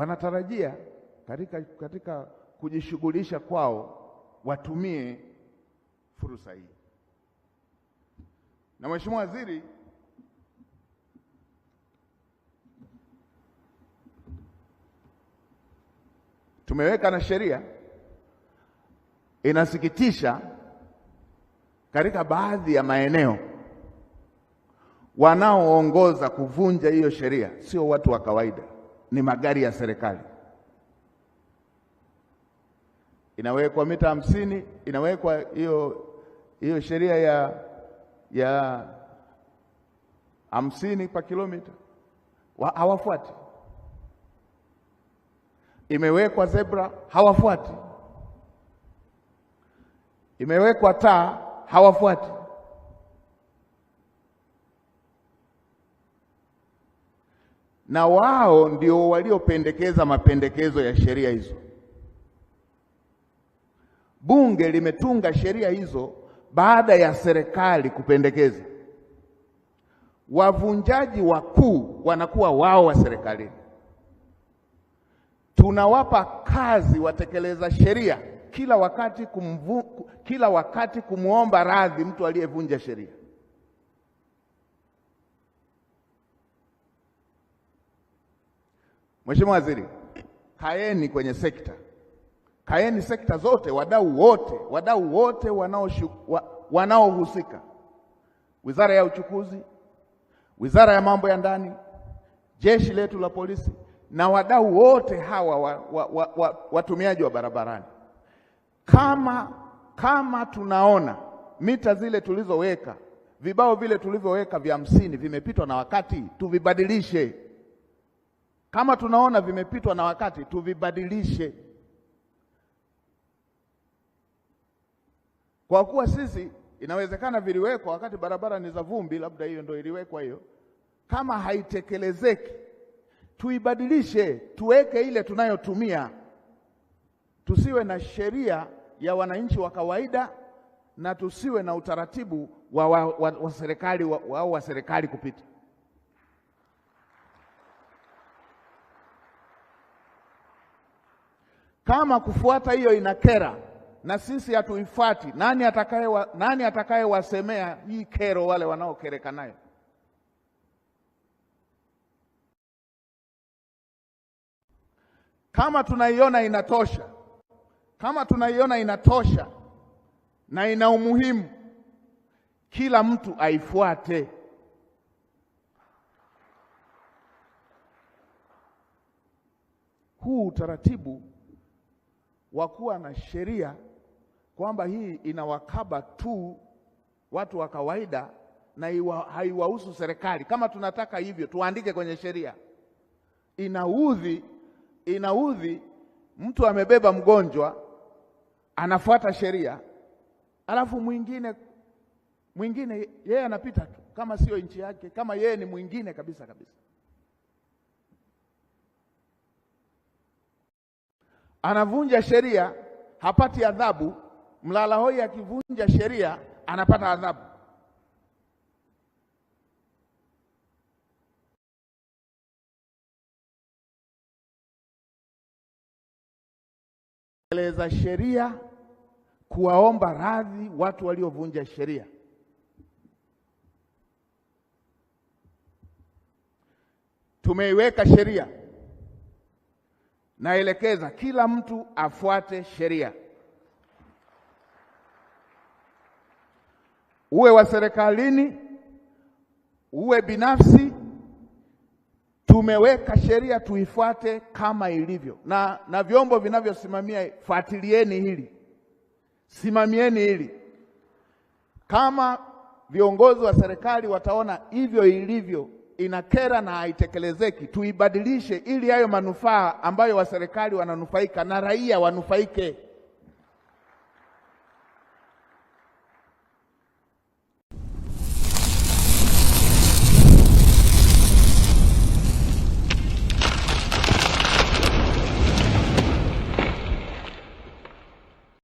Wanatarajia katika, katika kujishughulisha kwao watumie fursa hii, na Mheshimiwa Waziri tumeweka na sheria. Inasikitisha, katika baadhi ya maeneo wanaoongoza kuvunja hiyo sheria sio watu wa kawaida ni magari ya serikali, inawekwa mita hamsini, inawekwa hiyo hiyo sheria ya ya hamsini kwa kilomita, hawafuati. Imewekwa zebra, hawafuati. Imewekwa taa, hawafuati. na wao ndio waliopendekeza mapendekezo ya sheria hizo. Bunge limetunga sheria hizo baada ya serikali kupendekeza. Wavunjaji wakuu wanakuwa wao wa serikalini. Tunawapa kazi watekeleza sheria kila wakati kumvu, kila wakati kumwomba radhi mtu aliyevunja sheria. Mheshimiwa Waziri, kaeni kwenye sekta, kaeni sekta zote, wadau wote, wadau wote wanaohusika, wa, wizara ya uchukuzi, wizara ya mambo ya ndani, jeshi letu la polisi na wadau wote hawa watumiaji wa, wa, wa, watumiaji wa barabarani. Kama, kama tunaona mita zile tulizoweka, vibao vile tulivyoweka vya hamsini vimepitwa na wakati, tuvibadilishe. Kama tunaona vimepitwa na wakati, tuvibadilishe, kwa kuwa sisi inawezekana viliwekwa wakati barabara ni za vumbi, labda hiyo ndio iliwekwa hiyo. Kama haitekelezeki, tuibadilishe, tuweke ile tunayotumia, tusiwe na sheria ya wananchi wa kawaida na tusiwe na utaratibu wa serikali au wa, wa, wa serikali kupita Kama kufuata hiyo inakera na sisi hatuifuati, nani atakaye wa, nani atakayewasemea hii kero wale wanaokereka nayo? Kama tunaiona inatosha, kama tunaiona inatosha na ina umuhimu, kila mtu aifuate. Huu utaratibu wa kuwa na sheria kwamba hii inawakaba tu watu wa kawaida na iwa, haiwahusu serikali. Kama tunataka hivyo tuandike kwenye sheria. Inaudhi, inaudhi mtu amebeba mgonjwa anafuata sheria, alafu mwingine mwingine yeye anapita tu kama sio nchi yake, kama yeye ni mwingine kabisa kabisa. anavunja sheria hapati adhabu, mlala hoi akivunja sheria anapata adhabu. Eleza sheria kuwaomba radhi watu waliovunja sheria. Tumeiweka sheria naelekeza kila mtu afuate sheria, uwe wa serikalini, uwe binafsi. Tumeweka sheria tuifuate kama ilivyo, na, na vyombo vinavyosimamia fuatilieni hili, simamieni hili. Kama viongozi wa serikali wataona hivyo ilivyo inakera na haitekelezeki, tuibadilishe ili hayo manufaa ambayo waserikali wananufaika na raia wanufaike.